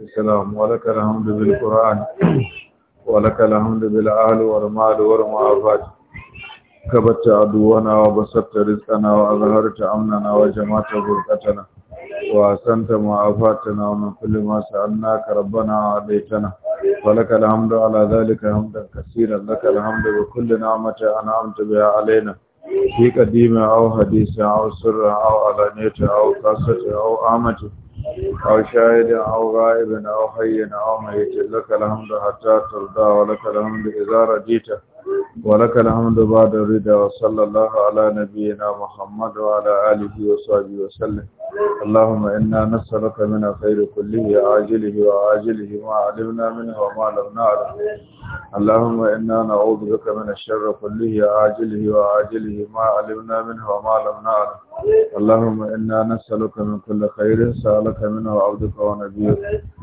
السلام ولك الحمد بالقرآن ولك الحمد بالأهل والمال والمعافات كبت عدونا وبسطت رزقنا وأظهرت أمننا وجمعت بركتنا وأحسنت معافاتنا ومن كل ما سألناك ربنا عليتنا ولك الحمد على ذلك حمدا كثيرا لك الحمد بكل نعمة أنعمت بها علينا في قديمة أو حديثة أو سرة أو علانية أو قصة أو آمة أو شاهد أو غائب أو حي أو ميت لك الحمد حتى ترضى ولك الحمد إذا رضيت ولك الحمد بعد الرضا وصلى الله على نبينا محمد وعلى آله وصحبه وسلم اللهم إنا نسألك من الخير كله عاجله وعاجله ما علمنا منه وما لم نعلم اللهم إنا نعوذ بك من الشر كله عاجله وعاجله ما علمنا منه وما لم نعلم اللهم إنا نسألك من كل خير سألك منه عبدك ونبيك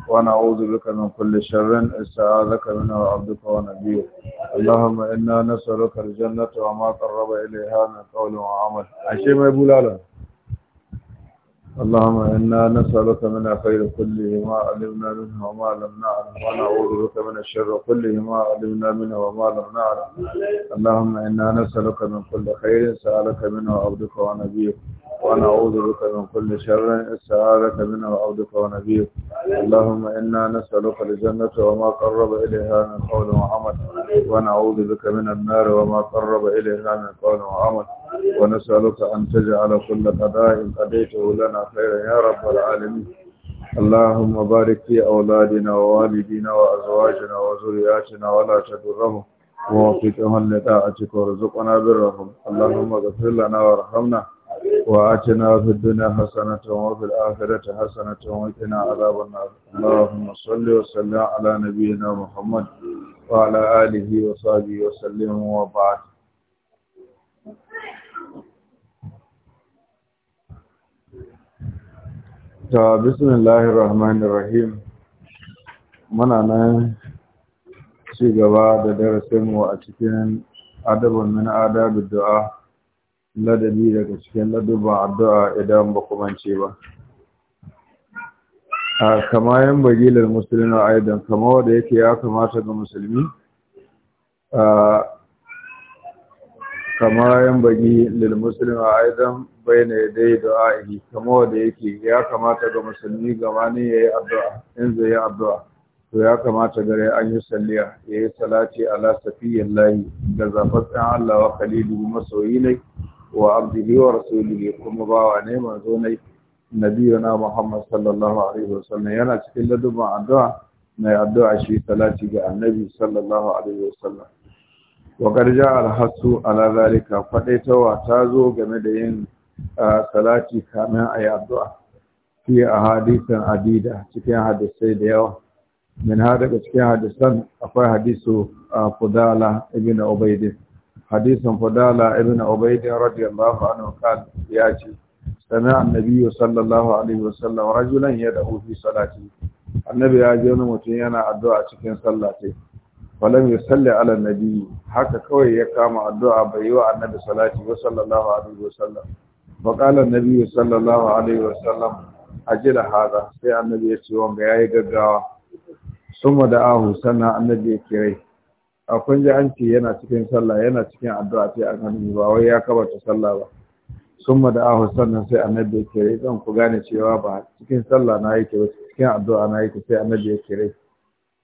ونعوذ بك من كل شر استعاذك منه عبدك ونبيك اللهم إنا نسألك الجنة وما قرب إليها من قول وعمل أشي ما يقول على اللهم إنا نسألك من خير كله ما علمنا منه وما لم نعلم ونعوذ بك من الشر كله ما علمنا منه وما لم نعلم اللهم إنا نسألك من كل خير سألك منه عبدك ونبيك ونعوذ بك من كل شر استعاذك منه عبدك ونبيك اللهم إنا نسألك الجنة وما قرب إليها من قول وعمل ونعوذ بك من النار وما قرب إليها من قول وعمل ونسألك أن تجعل كل قضاء قضيته لنا خيرا يا رب العالمين اللهم بارك في أولادنا ووالدينا وأزواجنا وذرياتنا ولا تدرهم ووفقهم لطاعتك وارزقنا برهم اللهم اغفر لنا وارحمنا وآتنا في الدنيا حسنة وفي الآخرة حسنة وقنا عذاب النار اللهم صل وسلم على نبينا محمد وعلى آله وصحبه وسلم وبعد بسم الله الرحمن الرحيم من أنا شيء جواد درسهم وأتكلم أدب من آداب الدعاء ladabi daga cikin ladubba addu'a idan ba kumance ba a kama yan bagilar musulmi a aidan kama wadda yake ya kamata ga musulmi a kama yan bagi lil musulmi a aidan bayyana ya dai du'a'i kama wadda yake ya kamata ga musulmi gama ne ya yi addu'a in zai yi addu'a to ya kamata gare an yi salliya ya yi salati ala safiyyar layi ga zafafin allah wa khalilu masoyi ne وعبده ورسوله كما باوا ne manzo ne na Muhammad sallallahu alaihi wasallam yana cikin ladabin addu'a mai addu'a shi salati ga annabi sallallahu alaihi wasallam wa karja alhasu ala zalika fadaitawa ta zo game da yin salati kamin yi addu'a fi hadisan adida cikin hadisai da yawa min ha daga cikin hadisan akwai hadisu fudala ibn ubaidin hadisin fadala ibn ubayd radiyallahu anhu kan ya ce sana annabi sallallahu alaihi wasallam rajulan yad'u fi salati annabi ya ji wani mutum yana addu'a cikin sallah sai falam yusalli ala annabi haka kawai ya kama addu'a bai yi wa annabi salati wa sallallahu alaihi wasallam fa qala annabi sallallahu alaihi wasallam sai annabi ya ce wanga yayi gaggawa summa da'ahu sanna annabi ya kirai a kun ji an ce yana cikin sallah yana cikin addu'a sai an hannu ba wai ya ta sallah ba summa da ahu sannan sai annabi ya kire zan ku gane cewa ba cikin sallah na yake ba cikin addu'a na yake sai annabi ya kire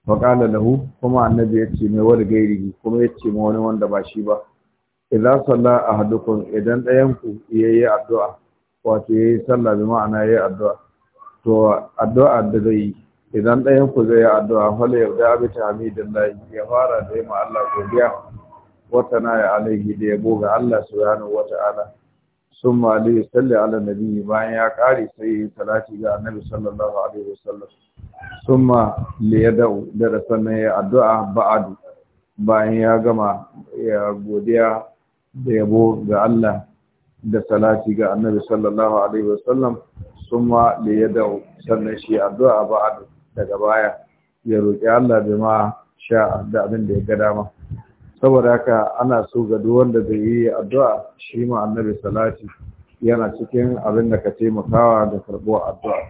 wa qala lahu kuma annabi ya ce mai wani gairi kuma ya ce wani wanda ba shi ba idza salla ahadukum idan dayan ku yayi addu'a wato yayi sallah bi ma'ana yayi addu'a to addu'a da zai yi idan ɗayan ku zai yi addu'a fala yarda abi tahmidin lahi ya fara da ma Allah godiya wata na ya alaihi da yabo ga Allah wata wata'ala sun ma alaihi salli ala nabi bayan ya kare sai yi salati ga annabi sallallahu alaihi wasallam sun ma da'u da da sannan ya addu'a ba'adu bayan ya gama ya godiya da yabo ga Allah da salati ga annabi sallallahu alaihi wasallam sun ma da'u sannan shi addu'a ba'adu daga baya ya roƙi Allah bai ma sha da abin da ya ga dama saboda haka ana so ga duk wanda bai yi addu'a shi ma annabi salati yana cikin abin da ka taimakawa da karɓuwar addu'a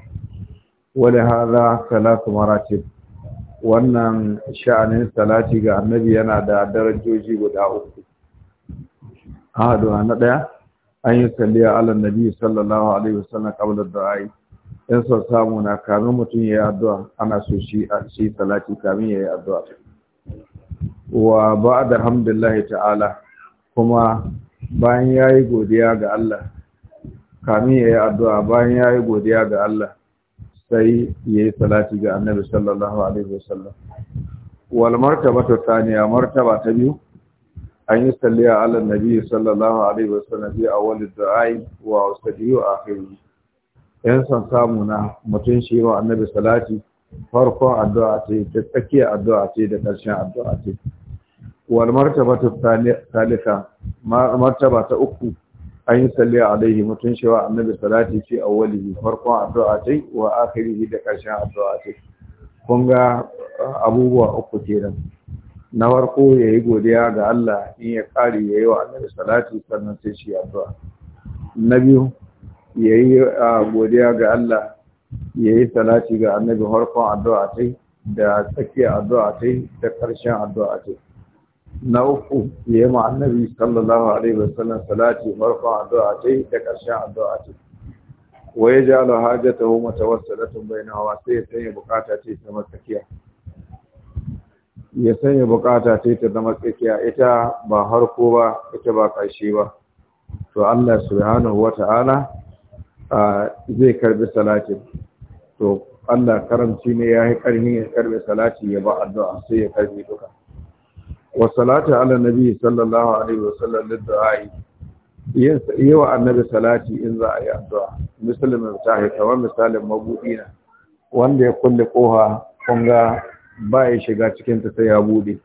wani hada salatu maratib wannan sha'anin salati ga annabi yana da darajoji guda uku ahadu na ɗaya an yi salliya ala nabi sallallahu alaihi wasallam qabla du'a'i in sa samu na kamin mutum ya yi addu'a ana so shi a shi salati kamin ya yi addu'a wa ba da hamdillahi ta'ala kuma bayan ya yi godiya ga Allah kamin ya yi addu'a bayan ya yi godiya ga Allah sai ya yi salati ga annabi sallallahu alaihi wasallam wal martabatu a martaba ta biyu an yi salliya ala nabi sallallahu alaihi wasallam bi awwalid du'a wa wasadiyu akhirihi yan son samu na mutum shi wa annabi salati farkon addu'a ce da tsakiyar addu'a ce da ƙarshen addu'a ce wal martaba ta talika martaba ta uku an yi salli alaihi mutum shi wa annabi salati ce a awwalihi farkon addu'a ce wa akhirihi da ƙarshen addu'a ce kun ga uh, abubuwa uku kenan na farko ya yi godiya ga Allah in ya ƙari ya yi wa annabi salati sannan sai shi addu'a na biyu Ya yi godiya ga Allah Ya yi salati ga annabi harkon addu'a ta da tsakiyar addu'a ta da ƙarshen addu'a ta na uku ya ma annabi sallallahu alaihi wasallam salati harkon addu'a ta da ƙarshen addu'a ta wa yaj'alu hajatahu mutawassilatan bainahu sai ya sanya bukata ce ta tsakiya ya sanya bukata ce ta zama tsakiya ita ba harko ba ita ba ƙarshe ba to Allah subhanahu wata'ala zai karbi salatin to Allah karamci ne ya yi karni ya karbi salati ya ba addu'a sai ya karbi duka wa salatu ala nabi sallallahu alaihi wa sallam liddu'ai yawa annabi salati in za a yi addu'a musulmin tahi kamar misalin mabudi na wanda ya kulle koha kunga ba ya shiga cikin ta sai ya bude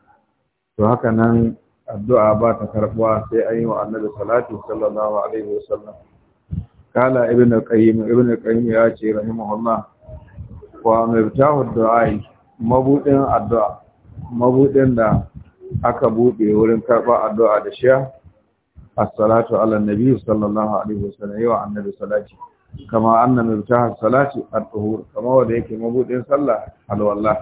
to haka nan addu'a ba ta karbuwa sai an yi wa annabi salati sallallahu alaihi wa sallam kala ابن al ابن القيم al شيخ ya ce ومفتاح wa مبودن الدعاء مبودن addu'a da aka bude wurin karba addu'a da shiya as-salatu ala nabi sallallahu alaihi wasallam wa annabi salati kama anna mabtahu salati at-tuhur kama wanda yake mabudin sallah alwallah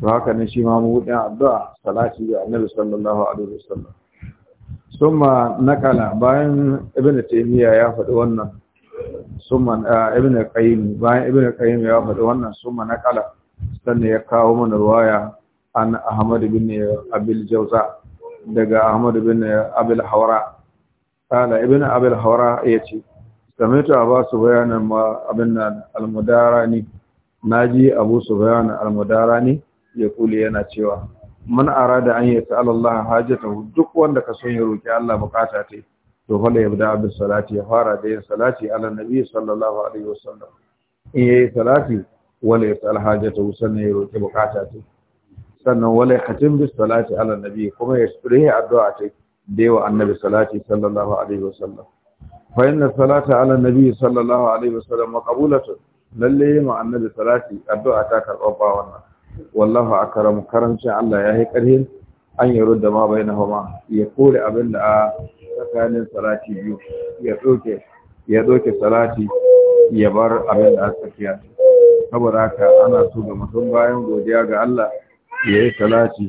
to haka ne shi ma mabudin addu'a salati ga annabi sallallahu alaihi wasallam summa nakala bayan ibn taymiya ya faɗi wannan summa ah, ibn qayyim bayan ibn qayyim ya faɗi wannan summa nakala sannan ya kawo mana ruwaya an ahmad bin abil jawza daga ahmad bin abil hawra qala ibn abil hawra yace sami'tu abu subhan abin nan al-mudarani naji abu subhan al-mudarani ya kuli yana cewa man arada an yas'al Allah hajatahu duk wanda ka son ya roki Allah bukata ta to fa la yabda abin salati ya fara da salati ala nabi sallallahu alaihi wasallam in yayi salati wala yas'al hajatahu sannan ya roki bukata ta sannan wala khatim bis salati ala nabi kuma ya sure addu'a ta da yawa annabi salati sallallahu alaihi wasallam fa inna salata ala nabi sallallahu alaihi wasallam maqbulatun lalle ma annabi salati addu'a ta karbawa wannan wallahu akram karancin Allah ya yi karhin an yaro da ma bainahuma ya kore abin da a tsakanin salati biyu ya ɗauke ya salati ya bar abin da a tsakiya saboda haka ana so ga mutum bayan godiya ga Allah ya yi salati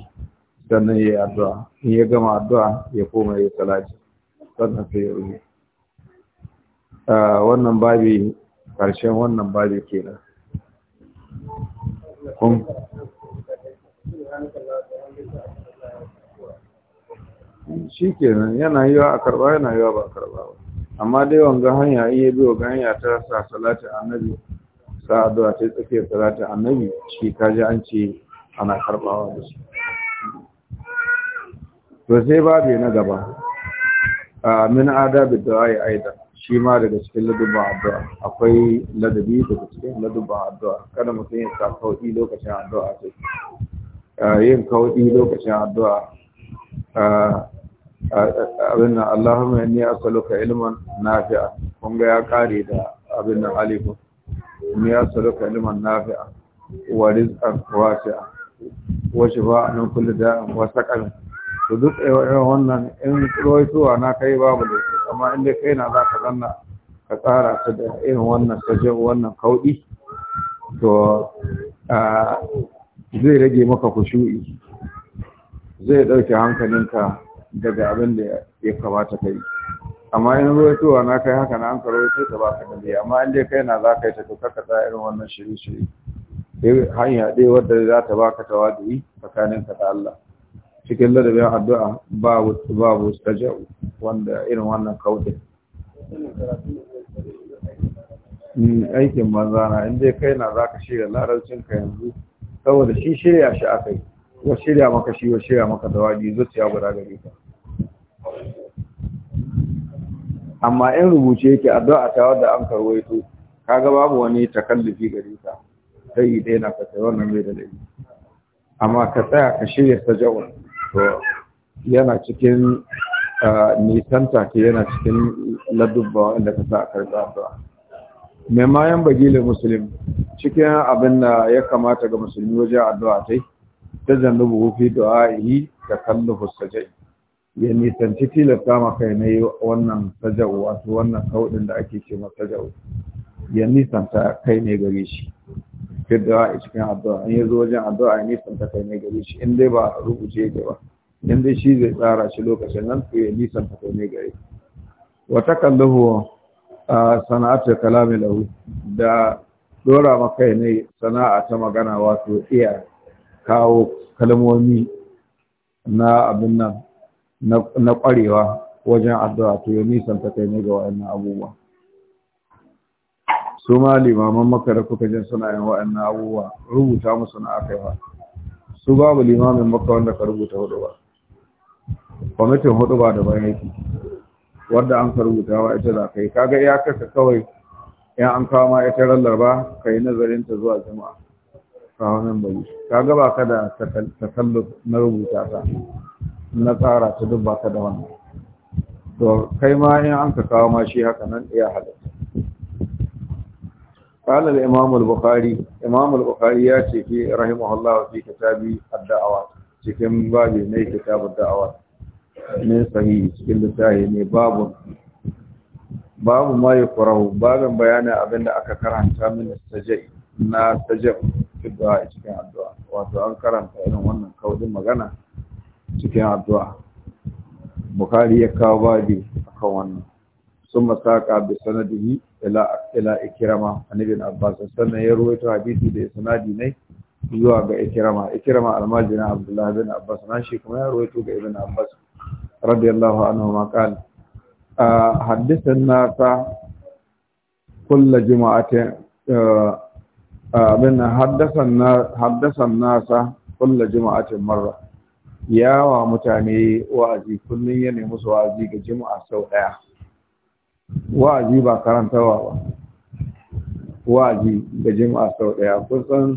sannan ya yi addu'a in ya gama addu'a ya koma ya yi salati sannan sai ya rubuta ah, wannan babi wannan babi kenan kun shi kenan yana yiwa a karɓa yana yiwa ba a karɓa ba amma dai wanga hanya iya biyo ga hanya ta sa salatin annabi sa addu'a ta tsakiyar salati annabi shi kaji an ce ana karɓawa da shi to sai babu na gaba min adabi ayi aida shi ma daga cikin ladubban addu'a akwai ladabi daga cikin ladubban addu'a kada mutum ya sa kauɗi lokacin addu'a sai yin kawai lokacin addu'a abin nan Allahumma inni as'aluka ilman nafi'a kun ga ya kare da abin nan aliku inni as'aluka ilman nafi'a wa rizqan wasi'a wa shifa'an min kulli da'in wa saqan to duk irin wannan in zuwa na kai babu da shi amma inda kai na za ka zanna ka tsara ta da irin wannan je wannan kauɗi to zai rage maka kushu'i zai ɗauke hankalinka daga abin da ya kamata ka yi amma in zuwa na kai haka na an ka rawaito ta ba ka dabi amma inda kai na za ka yi ta to kaka ta irin wannan shiri-shiri hanya ɗaya wadda za ta baka tawadu tsakaninka da Allah cikin ladabin addu'a babu babu staja'u wanda irin wannan kautin hmm, aikin manzana in ya kai na za ka shirya larabcin ka yanzu saboda shi shirya shi aka yi wa shirya maka shi wa shirya maka da dawadi zuciya guda gare ka amma in rubuce yake addu'a ta wadda an karwaito kaga babu wani takallifi gare ka sai yi ɗaya na ka sai wannan mai da laifi amma ka tsaya ka shirya ta jawon. yana cikin nisan take yana cikin ladubba wanda ka sa karɓa addu'a mai mayan bagile musulmi cikin abin da ya kamata ga musulmi wajen addu'a ta ta zannubu fi yi da kallu sajai ya nisanci tilasta maka na yi wannan sajau wato wannan kaudin da ake ce masajau ya nisanta kai ne gare shi fidda a cikin addu'a in ya wajen addu'a ne san ta kai ne gare shi in dai ba rubuce ke ba in dai shi zai tsara shi lokacin nan to ya nisan ta kai ne gare wa takallahu sana'atu kalami lahu da dora maka ne sana'a ta magana wato iya kawo kalmomi na abin nan na kwarewa wajen addu'a to ya nisan ta kai ne ga wa'annan abubuwa su ma limaman maka da kuka jin suna yin wa'annan abubuwa rubuta musu na aka yi ba su babu limamin maka wanda ka rubuta hudu ba kwamitin hudu ba da bayan yake wadda an ka rubuta wa ita za ka yi kaga kaka kawai 'yan an kawo ma ita rallar ba ka yi nazarin ta zuwa jama'a kawo nan bai ka gaba ka da takallus na rubuta ta na tsara ta duk ba ka da wannan to kai ma 'yan an ka kawo ma shi haka nan iya halitta قال الإمام البخاري إمام البخاري ياتي في رحمه الله في كتاب الدعوات cikin babi ne kitabun da'awa ne sahihi cikin littafi ne babu babu ma ya bayanin abinda aka karanta min sajai na sajai fidda a cikin addu'a wato an karanta irin wannan kaudin magana cikin addu'a bukari ya kawo babi akan wannan sun masaka bi sanadihi ila ikirama annabin abbas sannan ya ruwaito hadisi da sanadi ne zuwa ga ikirama ikirama almajina abdullahi bin abbas na shi kuma ya ruwaito ga ibn abbas radiyallahu anhu ma qala حدثنا كل جمعة abin nasa kulla jima'atin marra yawa mutane wa'azi kullum ya nemi su wa'azi ga jima'a sau ɗaya wa'azi ba karantawa ba wa'azi ga jima'a sau ɗaya kusan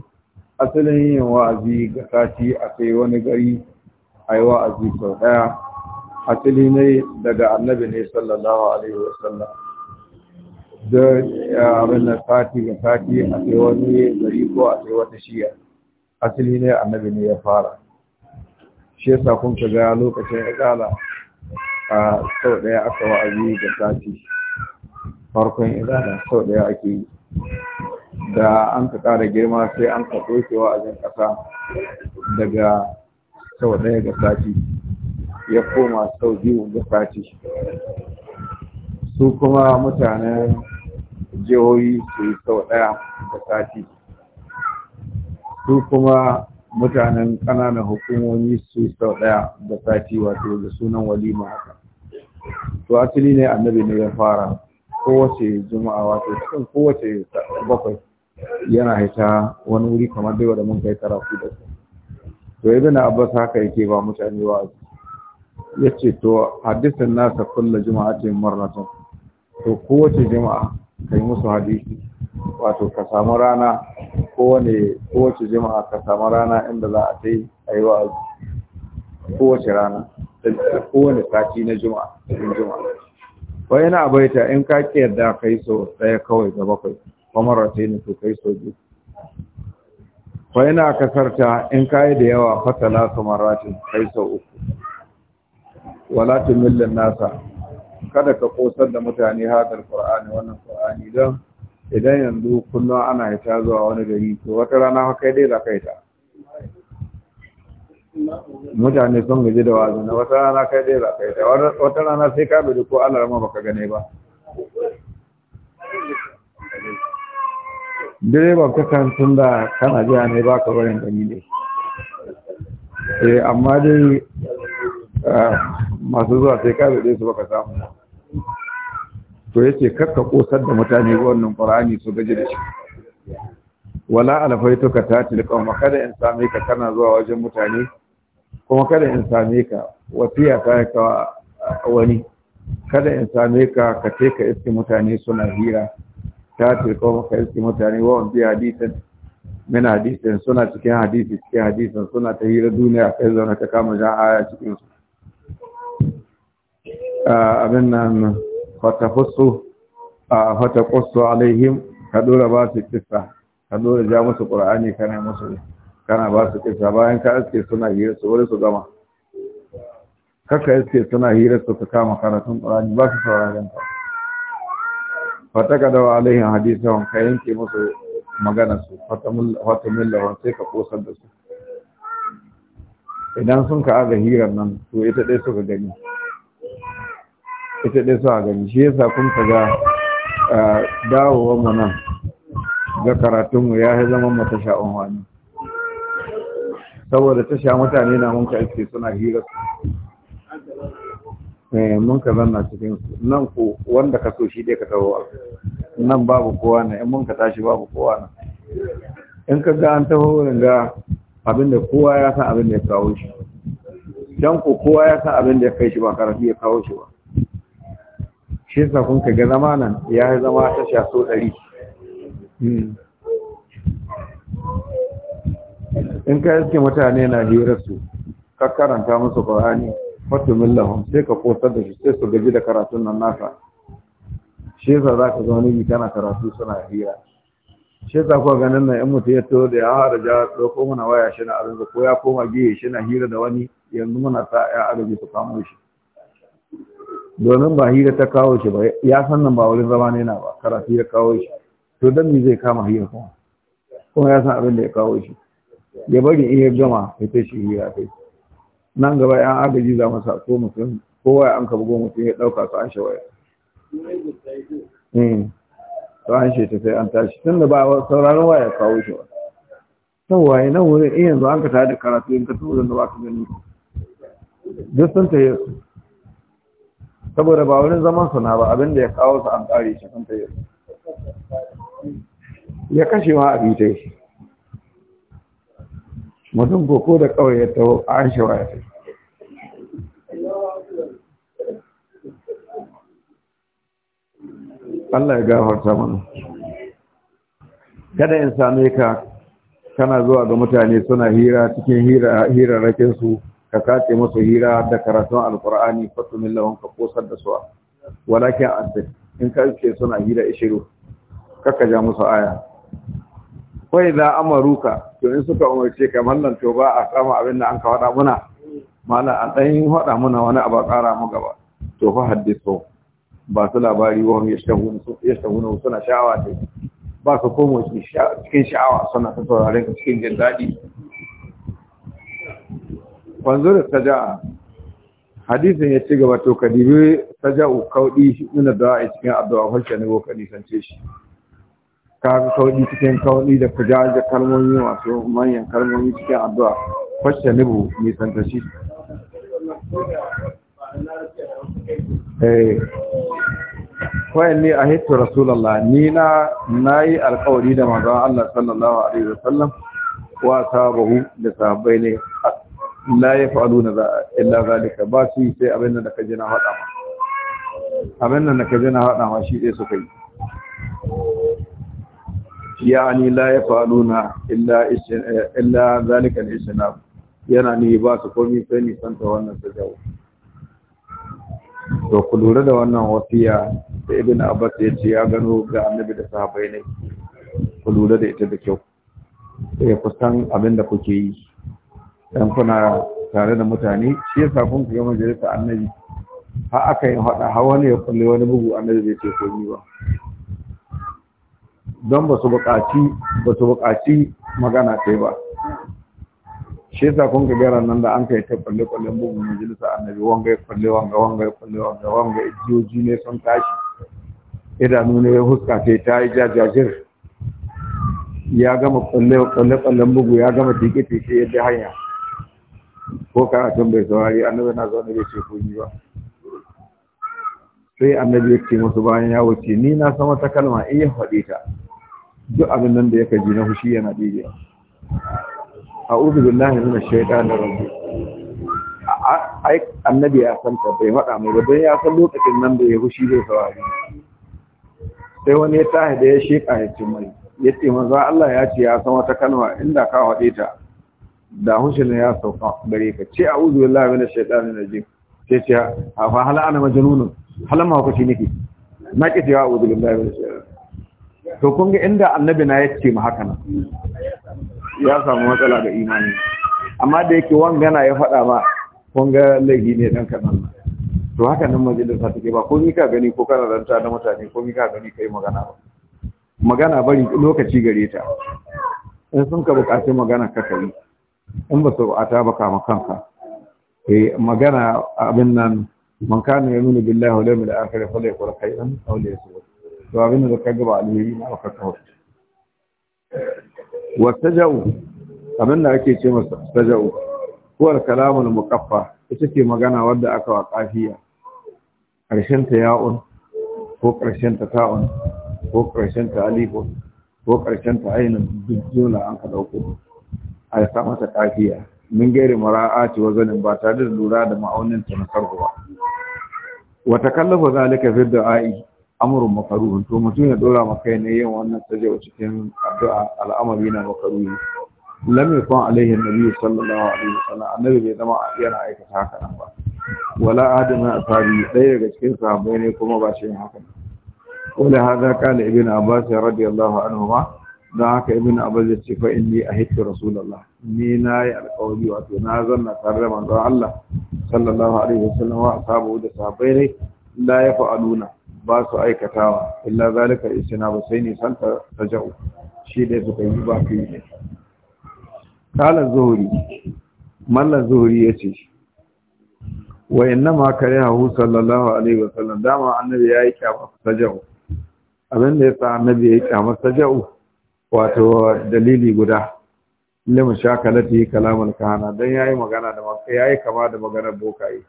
asalin yin wa'azi ga sati a kai wani gari a yi wa'azi sau ɗaya asali ne daga annabi ne sallallahu alaihi wasallam da abin na sati ga sati a kai wani gari ko a kai wata shiya asali ne annabi ne ya fara shi yasa kun ga lokacin ikala a sau ɗaya aka wa'azi ga sati farkon izala sau ɗaya ake yi da an ka ƙara girma sai an ka dokewa a jan ƙasa daga sau ɗaya ga sati ya koma sau biyu ga sati su kuma mutanen jihohi su yi sau ɗaya ga sati su kuma mutanen ƙananan hukumomi su yi sau ɗaya ga sati wato da sunan walima haka to asali ne annabi ne ya fara kowace juma'a wato cikin kowace bakwai yana haita wani wuri kamar dai wanda mun kai karatu da su to ibn abbas haka yake ba mutane wa yace to hadisin nasa kullu juma'atin marratan to kowace juma'a kai musu hadisi wato ka samu rana kowane kowace juma'a ka samu rana inda za a kai ayi wa'azi kowace rana kowane sati na juma'a cikin juma'a wa yana abaita in ka ki yarda kai so ɗaya kawai da bakwai kamar ratin ka kai so biyu wa yana kasarta in ka yi da yawa fatala kamar ka kai so uku wala millin nasa kada ka kosar da mutane hadar qur'ani wannan qur'ani don idan yanzu kullum ana hita zuwa wani gari to wata rana kai dai za ka ta. mutane sun gaji da wazin na wata rana kai ɗaya za ka yi ta wata rana sai ka bude ko allah rama baka gane ba direban kakan tun da kana jiya ne ba ka barin gani ne eh amma dai ah, masu zuwa sai ka bude su baka samu to yace kakka kosar da mutane wannan qur'ani su gaji da shi wala alfaituka tatil qawma kada in same ka kana zuwa wajen mutane kuma kada in same ka wasiya ta yi ka wani kada in same ka ka ce ka iske mutane suna hira ta ce ko ka iske mutane wa biya hadisin min hadisin suna cikin hadisi cikin hadisin suna ta hira duniya kai zauna ta kama jan aya cikin su abin nan fatafussu fatakussu alaihim ka dora ba su kissa ka dora ja musu qur'ani kana musu kana ba su kisa bayan ka aske suna hira su wani su gama kaka aske suna hira su ka kama karatun ƙurani ba su sauraren ka fataka da wa alaihin wani ka yanke musu magana su wani sai ka kosar da su idan sun ka aga hirar nan to ita ɗaya suka gani ita ɗaya suka gani shi yasa kun ka ga ah, dawowar mu nan ga karatunmu ya zama mata sha'un wani saboda tasha mutane na mun ka ake suna hira eh mun ka zanna cikin nan ko wanda ka so shi dai ka tawo nan babu kowa na in mun ka tashi babu kowa na in ka ga an tawo wurin ga da kowa ya san abin da ya kawo shi dan ko kowa ya san abin da ya kai shi ba karatu ya kawo shi ba shi sa kun ka ga zamanan ya zama tasha so ɗari. Hmm. in ka iske mutane na hirar su ka karanta musu qur'ani fatumin lahum sai ka kosar da shi sai su gaji da karatun nan nasa shi yasa za ka zaune ni kana karatu suna hira shi yasa kuwa ganin nan in mutum ya to da ya hara ja ɗauko mana waya shi na arziki ko ya koma giye shi na hira da wani yanzu muna sa ya arziki su kamo shi domin ba hira ta kawo shi ba ya san nan ba wurin zama ne na ba karatu ya kawo shi to dan me zai kama hira kuma kuma ya san abin da ya kawo shi ya bari in ya gama ya ta shi hira kai nan gaba yan agaji za mu mu mutum kowa an ka bugo mutum ya ɗauka su an shawaya to eh, an shi ta sai an tashi tun da ba sauraron waya kawo shi ba to waye nan wurin in yanzu an ka tare da karatu in ka tura da ba ka gani duk sun ta saboda ba wurin zaman suna ba abin da ya kawo su an kare shi sun ta ya kashe ma a bitai mutum ko ko da kawai ya taho an shi waya ta Allah ya gafarta mana kada in same ka kana zuwa ga mutane suna hira cikin hirarrakin su ka kace musu hira da karatun alkur'ani fatumin lahun ka kosar da su walakin in ka ce suna hira ishiru kaka ja musu aya fai za amaruka to in suka umarce ka wannan to ba a kama abin da an ka faɗa muna Mana a ɗayin faɗa muna wani abu a ƙara mu gaba to fa haddisa ba su labari wa ya shahuna suna sha'awa ce ba su komo cikin sha'awa suna ta saurarin ka cikin jin daɗi da saja'a hadisin ya ci gaba to ka dibi saja'u kauɗi nuna da'a cikin addu'a hulce ne ko ka nisance shi kaga kaudi cikin kaudi da kujaje kalmomi masu manyan kalmomi cikin addu'a ni bu mai santashi eh wayan ne a hitto rasulallah ni na yi alƙawari da manzon Allah sallallahu alaihi wasallam wa sahabahu da sahabbai ne la yaf'aluna illa zalika ba su yi sai abin da kaje na haɗa ma, abin da kaje na haɗa ma shi ɗaya suka yi yani la yafaluna illa illa zalika al-islam yana ne ba su komai sai ni santa wannan sajawa to ku lura da wannan wasiya da ibn abbas ya ce ya gano ga annabi da sahabbai ne ku lura da ita da kyau sai ku san abin da kuke yi dan kuna tare da mutane shi yasa kun ga majalisa annabi har aka yi hada har wani ya kulle wani bugu annabi zai ce komai ba don ba su buƙaci magana kai ba shi yasa kun gagara nan da an kai ta kwalle kwalle bugun majalisa annabi wanga ya kwalle wanga wanga ya kwalle wanga wanga ijiyoji ne sun tashi idanu ne ya huska ta ta yi jajajir ya gama kwalle kwalle kwalle bugu ya gama tike tike yadda hanya ko karatun bai saurari annabi na zaune bai ce kun ba sai annabi ya ce musu bayan ya wuce ni na sama eh, ta kalma in ya faɗe ta duk abin nan da yake ji na hushi yana ɗige a'udhu billahi minash shaitanir rabbi. ai annabi ya san ta bai faɗa mai don ya san lokacin nan da ya hushi zai saurari sai wani ya tahi da ya sheka ya ce mai ya ce Allah ya ce ya san wata kalma inda ka faɗe ta da hushin ya sauka gare ka ce a'udhu billahi minash na rajim sai ce a fa hala ana majnunun hal ma hukaci nake na ke cewa a'udhu billahi minash shaitanir to kun ga inda annabi na ya ce mu haka nan ya samu matsala ga imani amma da yake wangana ya faɗa ma kun ga laifi ne dan kaɗan to haka nan majalisa take ba ko ni ka gani ko kana ranta da mutane ko ni ka gani kai magana ba magana bari lokaci gare ta in sun ka buƙaci magana ka kai in ba su ta ba kama kanka eh magana abin nan man kana yaminu billahi al-akhirati fa la falyakul khayran aw liyasmut to abin da ka gaba alheri na aka kawo wata ja'u abin da ake ce masa ta ja'u kuwar kalamul muqaffa ita ce magana wadda aka wa kafiya ƙarshen ta ya'un ko ƙarshen ta ta'un ko ƙarshen ta alifun ko ƙarshen ta ainihin duk jumla an ka ɗauko a ya sa mata kafiya min gairi mara'ati wa zanin ba tare da lura da ma'aunin ta na sarrafa wa takallafa zalika fi da'i amurin makaruhun to mutum ya dora maka ne yin wannan sajau cikin addu'a al'amari na makaruhi lam yakun alaihi annabi sallallahu alaihi wasallam annabi bai zama a yana aikata haka nan ba wala adam na ashabi daya daga cikin sahabbai ne kuma ba shi haka ne wala hada kana ibn abbas radiyallahu anhu ma dan haka ibn abbas ya ce fa inni ahittu rasulullah ni na yi alƙawari wato na zanna tare da manzon Allah sallallahu alaihi wasallam wa ashabu da sahabbai ne la yafa'aluna ba su aikatawa illa zalika istina ba sai nisan ta tajau shi da suka yi ba yi ne kala zuhuri mallan zuhuri yace wa ma innama karihahu sallallahu alaihi wasallam dama annabi yayi ta tajau abin da yasa annabi yayi ta tajau wato dalili guda limu shakalati kalamul kahana dan yayi magana da yayi kama da maganar bokaye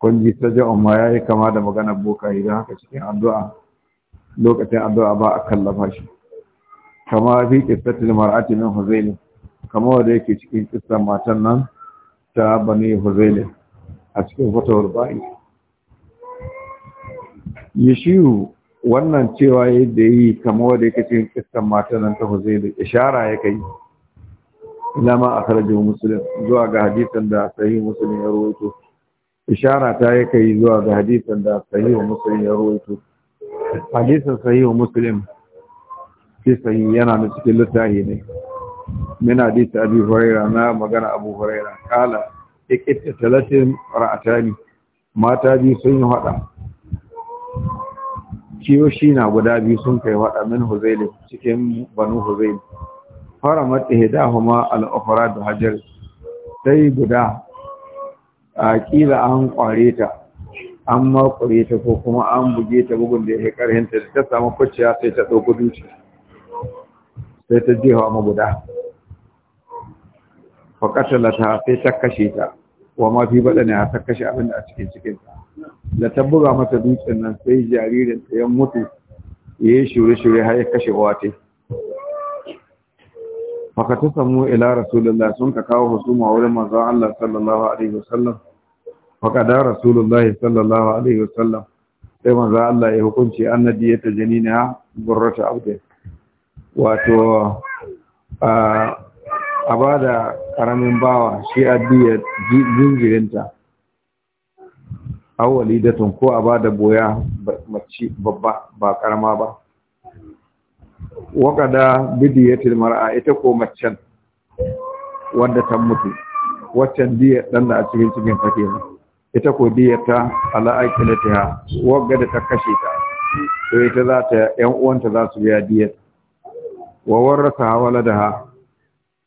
kun ji ta ja'un ma yi kama da maganar boka idan haka cikin addu'a lokacin addu'a ba a kallafa shi kama fi qissatil mar'ati min huzaili kama wanda yake cikin kistan matan nan ta bani huzaili a cikin fatawar ba'i yashiru wannan cewa yadda yi kama wanda yake cikin kistan matan nan ta huzaili ishara ya kai ila ma akhrajahu musulun. zuwa ga hadisan da sahihin musulun ya rawaito ishara ta yi kai zuwa ga hadisin da sahihu muslim ya rawaito hadisin sahihu muslim fi sahi yana da cikin littafi ne min hadisi abi huraira na magana abu huraira kala ikita talatin ra'atani mata biyu sun yi hada kiyoshi na guda biyu sun kai hada min huzaili cikin banu huzaili fara mata hidahuma al al'ufara da hajar sai guda a kila an kware ta an ƙware ta ko kuma an buge ta bugun da ya karhinta da ta samu kwaciya sai ta ɗauko duci sai ta jefa maguda fa katalata sai ta kashe ta wa ma fi baɗa ne a ta kashe abinda a cikin cikin ta da ta buga mata dutsen nan sai jaririn ta ya mutu ya yi shure-shure har ya kashe uwa ta fa ka ta samu ila rasulullah sun ka kawo husuma wurin manzon Allah sallallahu alaihi wasallam faƙada rasulullahi sallallahu alaihi wasallam sai manzo Allah ya hukunci annabi ya tajanina gurrata abde wato a bada karamin bawa shi addiya jinjirinta awali da ko a bada boya mace babba ba karama ba waƙada bidiyatil mar'a ita ko macen wanda ta mutu waccan biya dan da a cikin cikin take ita ko diyarta ala aikilatiha wagga da ta kashe ta to ita za ta yan uwanta za su biya diyar wa warasa waladaha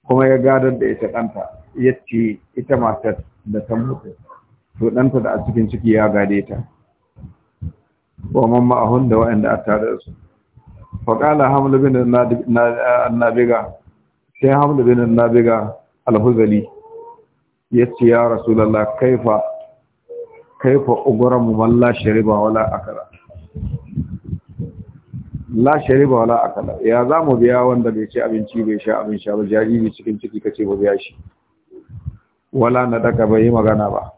kuma ya gadar da ita ɗanta yace ita matar da ta mutu to ɗanta da a cikin ciki ya gade ta wa mamma ahun da wa'anda a tare da su faƙala hamlu bin nabiga sai hamlu bin nabiga alhuzali ya ce ya rasulallah kaifa kaifa uguran walla shariba wala akala la shariba wala akala ya za mu biya wanda bai ci abinci bai sha abin sha ba jariri cikin ciki kace ba biya shi wala na daka bai yi magana ba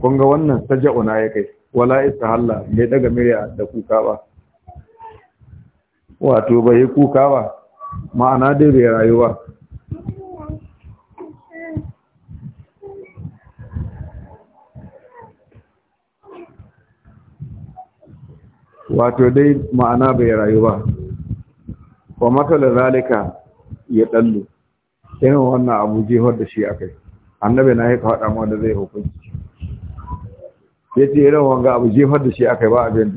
kun ga wannan saja'una ya kai wala halla bai daga murya da kuka ba wato bai yi kuka ba ma'ana dai bai rayuwa wato dai ma'ana bai rayu ba wa matala zalika ya dallu irin wannan abu jihar da shi akai annabi na haika faɗa mu da zai hukunci ce irin wanga abu jihar da shi akai ba abin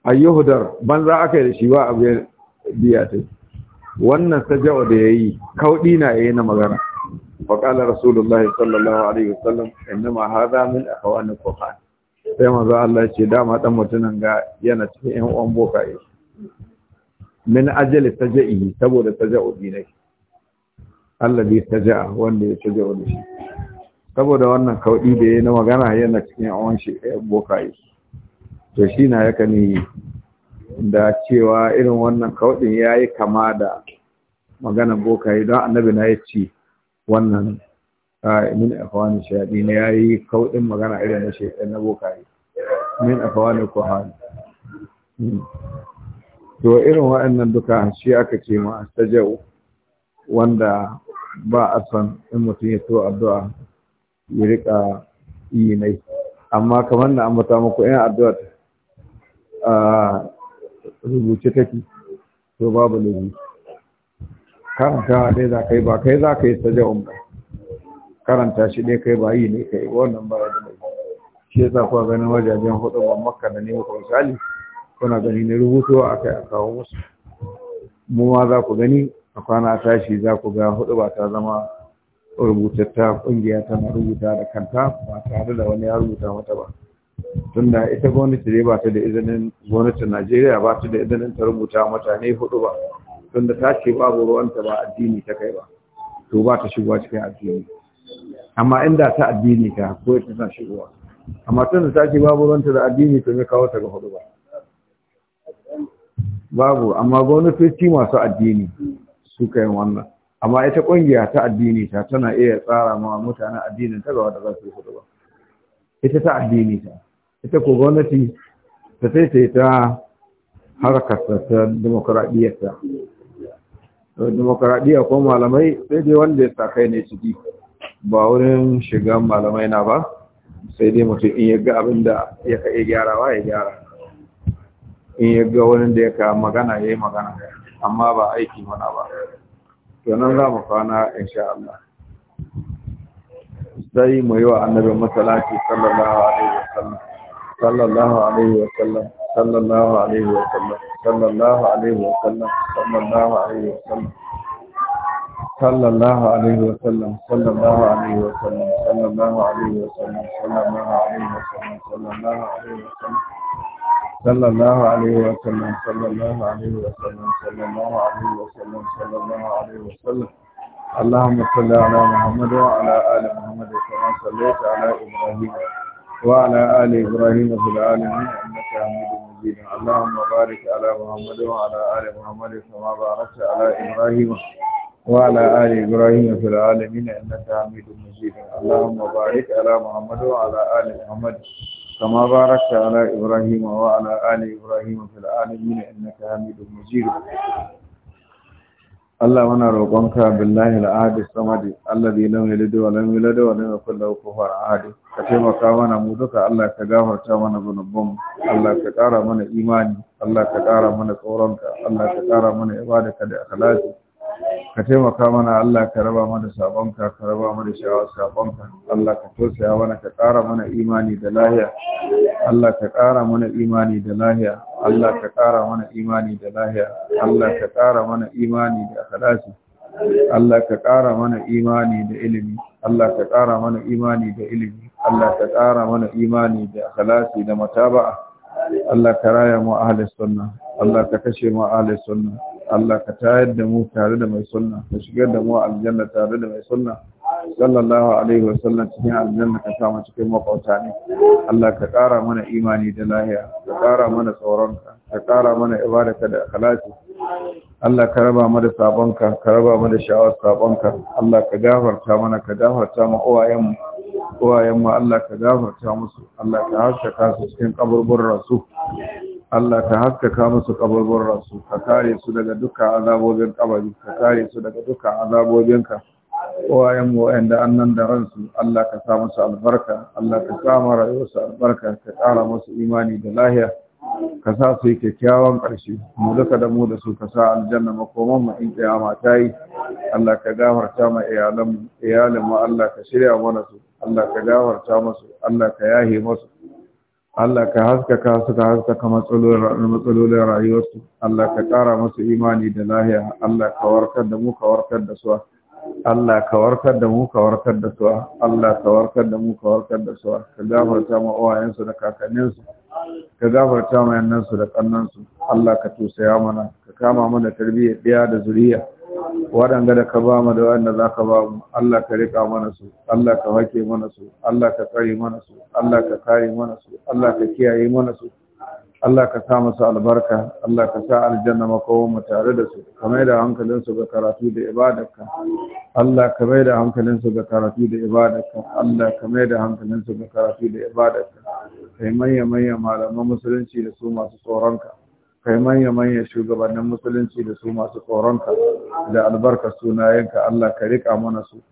ban za banza akai da shi ba abin biya ta wannan saja'u da yi kaudi na yi na magana فقال رسول sallallahu alaihi wasallam عليه وسلم انما هذا من اخوان القران sai manzo Allah ce dama dan mutunan ga yana cikin yan uwan bokaye min ajali tajai saboda tajau dinai Allah bai taja'a wanda ya taja'u da shi saboda wannan kaudi da yayi na magana yana cikin yan uwan shi bokaye to shi na yaka ne da cewa irin wannan kaudin yayi kama da magana bokaye don annabi na yace wannan min afwani shayadi ne yayi kaudin magana irin na shaytan na bokaye min afwani ko hali hmm. to irin waɗannan duka shi aka ce ma astajau wanda ba a san in mutum ya so addu'a ya rika yi nai amma kamar na ambata muku yan addu'a a rubuce take to babu laifi karanta dai za ka yi ba kai za ka yi saja'un ba karanta shi ne kai ba yi ne kai wannan ba da mai shi yasa kuwa ganin wajajen hudu ban makka da ne misali kuna gani na rubutu a kai a kawo musu mu ma za ku gani a kwana tashi za ku ga hudu ba ta zama rubutatta kungiya tana rubuta da kanta ba tare da wani ya rubuta mata ba tunda ita gwamnati dai ba ta da izinin gwamnatin Najeriya ba ta da izinin ta rubuta mutane hudu ba tunda ta ce babu ruwanta ba addini ta kai ba to ba ta shigowa cikin addini amma inda ta addini ka ko ta na shigowa amma tun da take babu ranta da addini to me kawo ta ga hudu ba babu amma gwamnati masu addini su kai wannan amma ita kungiya ta addini ta tana iya tsara ma mutanen addinin ta ga wanda za su hudu ba ita ta addini ta ita ko gwamnati ta sai ta ta harkar ta demokuraɗiyyarta demokuraɗiyya ko malamai sai dai wanda ya sa kai ne ciki ba wurin shigan malamai na ba sai dai mutum in yaga abin da ya ka wa ya gyara in yaga wurin da ya ka magana ya yi magana amma ba aiki mana ba to nan za mu kwana insha Allah sai mu yi wa annabi masalati sallallahu alaihi wa sallam sallallahu alaihi wa sallam sallallahu alaihi wa sallam sallallahu alaihi wa sallam sallallahu alaihi wa sallam sallallahu alaihi wa sallam sallallahu alaihi wa sallam sallallahu alaihi wa sallam sallallahu alaihi wa sallam sallallahu alaihi wa sallam sallallahu alaihi wa sallam sallallahu alaihi wa sallam sallallahu alaihi wa sallam sallallahu alaihi wa sallam اللهم صل على محمد وعلى ال محمد كما صليت على ابراهيم وعلى ال ابراهيم في العالمين انك حميد مجيد اللهم بارك على محمد وعلى ال محمد كما باركت على ابراهيم وعلى آل إبراهيم في العالمين إنك حميد مجيد اللهم بارك على محمد وعلى آل محمد كما باركت على إبراهيم وعلى آل إبراهيم في العالمين إنك حميد مجيد اللهم انا روقك بالله العهد الصمد الذي لم يلد ولم يولد ولم يكن له كفوا احد كتمكا mana mu duka Allah ka gafarta mana gunubin Allah ka ƙara mana imani Allah ka ƙara mana tsoronka Allah ka ƙara mana ibadaka da akhlasi ka taimaka mana Allah ka raba mana sabonka ka raba mana sha'awa sabonka Allah ka tausaya mana ka ƙara mana imani da lahiya Allah ka ƙara mana imani da lahiya Allah ka ƙara mana imani da lahiya Allah ka ƙara mana imani da akhlasi Allah ka ƙara mana imani da ilimi Allah ka ƙara mana imani da ilimi Allah ka ƙara mana imani da akhlasi da mataba'a Allah ka raya mu ahli sunna Allah ka kashe mu ahli sunna Allah ka tayar da mu tare da mai sunna ka shigar da mu aljanna tare da mai sunna sallallahu alaihi wa cikin aljanna ka sa mu cikin makwauta ne Allah ka kara mana imani da lahiya ka kara mana tsoronka ka kara mana ibadarka da akhlaqi Allah ka raba mu da sabonka ka raba mu da sha'awar sabonka Allah ka gafarta mana ka gafarta mu uwayenmu Allah ka gafarta musu Allah ka haskaka su cikin kaburburan rasu. Allah ka haskaka musu kaburburansu ka kare su daga dukkan azabobin kabari ka kare su daga dukkan azabobinka wayan mu da annan da ransu Allah ka sa musu albarka Allah ka sa mu rayuwarsu albarka ka kara musu imani da lahiya ka sa su yi kyakkyawan ƙarshe mu duka da mu da su ka sa aljanna makoman mu in kiyama ta yi Allah ka gafarta ma iyalan mu iyalan mu Allah ka shirya mana su Allah ka gafarta musu Allah ka yahe musu Allah ka haskaka suka haskaka matsalolin rayuwarsu Allah ka ƙara musu imani da lahiya Allah ka warkar da mu ka warkar da su Allah ka warkar da mu ka warkar da su Allah ka warkar da mu ka warkar da su ka gafarta ma uwayensu da kakanninsu ka gafarta ma yannansu da ƙannansu, Allah ka tusaya mana ka kama mana tarbiyyar ɗaya da zuriya waɗanda da ka ba mu da waɗanda za ka ba mu Allah ka riƙa mana su Allah ka wake mana su Allah ka tsare mana su Allah ka kare mana su Allah ka kiyaye mana su Allah ka sa musu albarka Allah ka sa aljanna makawon mu tare da su ka mai da hankalin su ga karatu da ibadarka Allah ka mai da hankalin su ga karatu da ibadarka Allah ka mai da hankalin su ga karatu da ibadarka kai manya manya malaman musulunci da su masu tsoronka kai manya-manya shugabannin musulunci da su masu tsoronka da albarka sunayenka Allah ka riƙa mana su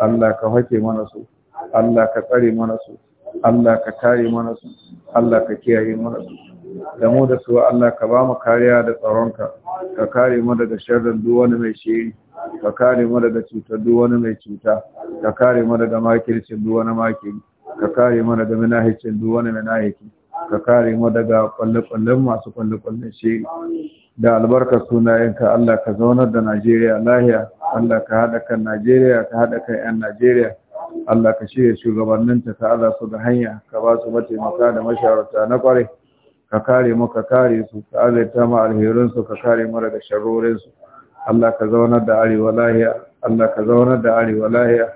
Allah ka hake mana su Allah ka tsare mana su Allah ka kare mana su Allah ka kiyaye mana su da mu da su Allah ka ba mu kariya da tsaronka ka kare mu daga sharrin duk wani mai shiri ka kare mu daga cutar duk wani mai cuta ka kare mu daga makircin duk wani makiri ka kare mu daga minahicin duk wani minahicin ka kare mu daga kwalle-kwallen masu kwalle-kwallen shiri da albarkar sunayenka Allah ka zaunar da Najeriya lahiya Allah ka haɗa kan Najeriya ka haɗa kan 'yan Najeriya Allah ka shirya shugabanninta ka aza su ga hanya ka ba su mataimaka da masharata na kwarai ka kare mu ka kare su ka azaita ma alherinsu ka kare mu daga sharorinsu Allah ka zaunar da arewa lahiya Allah ka zaunar da arewa lahiya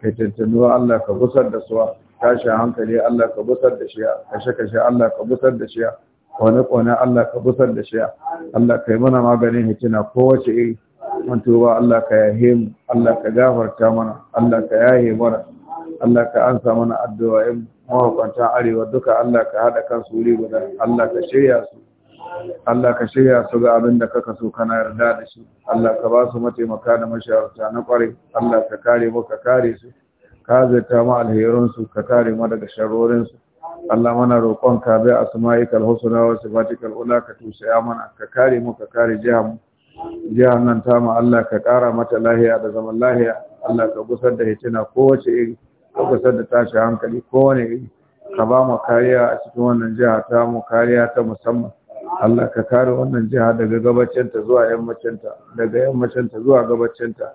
kai tantanuwa Allah ka gusar da suwa tashi hankali Allah ka busar da shi kashe kashe Allah ka busar da shi kone kone Allah ka busar da shi Allah ka yi mana maganin hikina kowace iri mun tuba Allah ka yahe mu Allah ka gafarta mana Allah ka yahe mana Allah ka ansa mana addu'o'in mahukuntan arewa duka Allah ka kan su wuri guda Allah ka shirya su Allah ka shirya su ga abin da kaka so kana yarda da shi Allah ka ba su mataimaka da mashawarta na kware Allah ka kare mu ka kare su ka ma alherin alherinsu ka kare ma daga sharorinsu Allah mana roƙon ka bai asma'ikal husna wa sifatikal ula ka tusaya mana ka kare mu ka kare jiham jiham nan ta ma Allah ka ƙara mata lahiya da zaman lahiya Allah ka gusar da hitina kowace iri ka gusar da tashi hankali kowane iri ka ba mu kariya a cikin wannan jiha ta mu kariya ta musamman Allah ka kare wannan jiha daga gabacinta zuwa yammacinta daga yammacinta zuwa gabacinta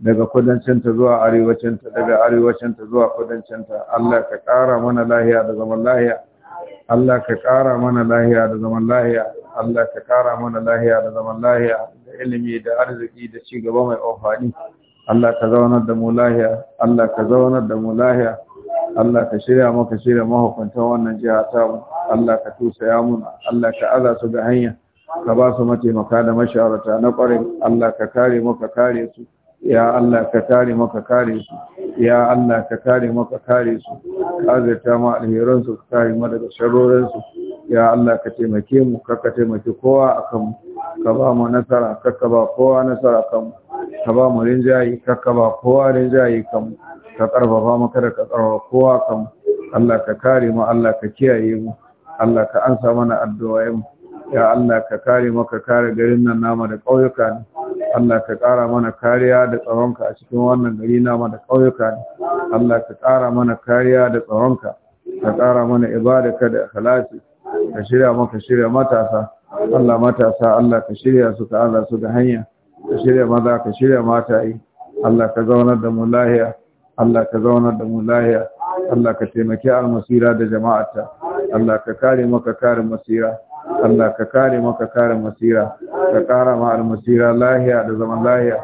daga kudancinta zuwa arewacinta daga arewacinta zuwa kudancinta Allah ka kara mana lahiya da zaman lahiya Allah ka kara mana lahiya da zaman lahiya Allah ka kara mana lahiya da zaman lahiya da ilimi da arziki da ci gaba mai amfani Allah ka zauna da mu lahiya Allah ka zauna da mu lahiya Allah ka shirya maka shirya mahukuntan wannan jiha ta mu Allah ka ya muna Allah ka aza su ga hanya ka ba su mataimaka da masharata na kware Allah ka kare maka kare su ya Allah ka kare maka kare su ya Allah ka kare maka kare su ka azurta ma alheran su ka kare mu daga sharorin su ya Allah ka taimake mu ka ka taimake kowa akan ka ba mu nasara ka ka ba kowa nasara kan ka ba mu rinjayi ka ka ba kowa rinjayi kan ka karfafa mu kada ka karfafa kowa kan Allah ka kare mu Allah ka kiyaye mu Allah ka ansa mana addu'o'in mu ya Allah ka kare mu ka kare garin nan nama da ƙauyuka ne Allah ka ƙara mana kariya da tsaronka a cikin wannan gari nama da ƙauyuka ne Allah ka ƙara mana kariya da tsaronka ka ƙara mana ibadaka da halasi ka shirya maka shirya matasa Allah matasa Allah ka shirya su ka aza su da hanya ka shirya maza ka shirya mata yi Allah ka zaunar da mu lahiya Allah ka zaunar da mu lahiya Allah ka taimaki almasira da jama'ata Allah ka kare maka kare masira Allah ka kare maka kare masira ka kara ma almasira lahiya da zaman lahiya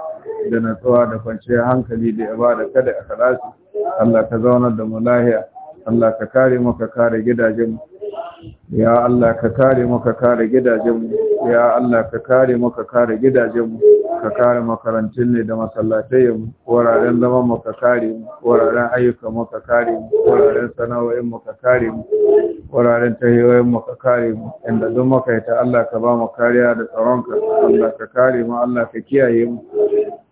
da natsuwa da kwanciyar hankali da ibada kada a kalasi Allah ka zaunar da mu lahiya Allah ka kare maka kare gidajen ya Allah ka kare mu ka kare gidajenmu ya Allah ka kare mu ka kare gidajenmu ka kare makarantun ne da masallatayenmu wuraren zaman mu ka kare mu wuraren ayyukan mu ka kare mu wuraren sana'o'in mu ka kare mu wuraren tahiyoyin mu ka kare mu inda duk muka yi ta Allah ka ba mu kariya da tsaronka Allah ka kare mu Allah ka kiyaye mu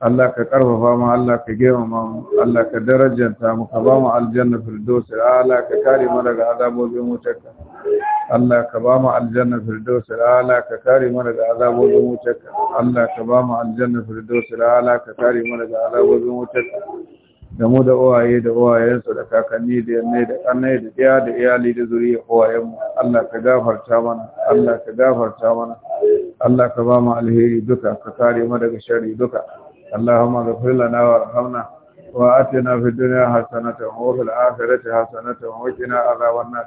Allah ka karfafa mu Allah ka girmama mu Allah ka darajanta mu ka ba mu aljanna firdausi Allah ka kare mu daga azabobin wutarka Allah ka ba mu aljanna firdaus ala ka kare mu daga azabobin wutarka Allah ka ba mu aljanna firdaus ala ka kare mu daga azabobin wutarka da mu da uwaye da su da kakanni da yanne da ƙannai da iya da iyali da zuriya mu Allah ka gafarta mana Allah ka gafarta mana Allah ka ba mu alheri duka ka kare mu daga sharri duka Allahumma ghfir lana warhamna wa atina fid dunya hasanatan wa fil akhirati hasanatan wa qina adhaban nar